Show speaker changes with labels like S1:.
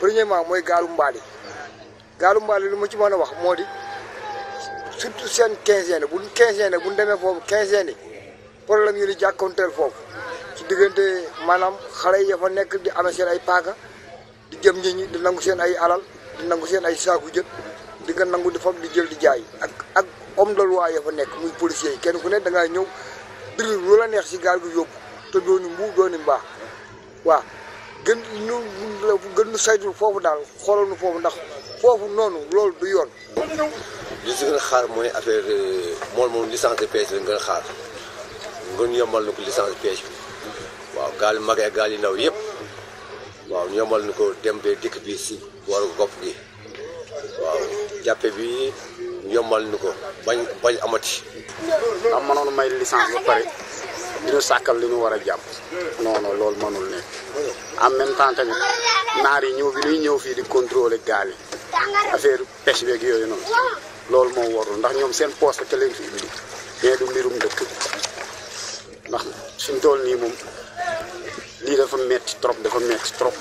S1: premièrement mooy gaalu mbaali gaalu mbaali lu ma ci mën a wax moo di surtout seen quinzaine bu quinzaine bu ñu demee foofu quinzaine problème yu di jàkkoonteel foofu ci diggante maanaam xale yi fa nekk di amee seen ay paaka di jëm nit ñi di nangu seen ay alal di nangu seen ay saaku jën di nga nangu di fab di jël di jaay ak ak homme de loi ya nekk muy policier kenn ku ne da ñëw diri lu la neex si gaal gi yóbbu te dooni mbuu dooni mbaa waaw gën ñu gën foofu daal xoolal ñu foofu ndax foofu noonu loolu du yoon.
S2: li si gën a xaar mooy affaire euh, moom moom licence de a xaar ngeen yombal na ko licence de pêche bi waaw gaal yu mag ak gaal yu ndaw yëpp waaw ñu yombal na ko dem bee dikk bi si waru gopp gi waaw jàppe bi yombal na ko bañ bañ amati. am mënoon may licence ba pare. dina sàkkal
S3: li ñu war a jàpp non non loolu mënul ne en même temps naar yi ñëw bi ñuy ñëw fii di contrôler gaal yi affaire pêche beeg yooyu noonu loolu moo warul ndax ñoom seen poste te leen fii indi mais du mbirum dëkk bi ndax suñ tool nii moom lii dafa metti trop dafa metti trop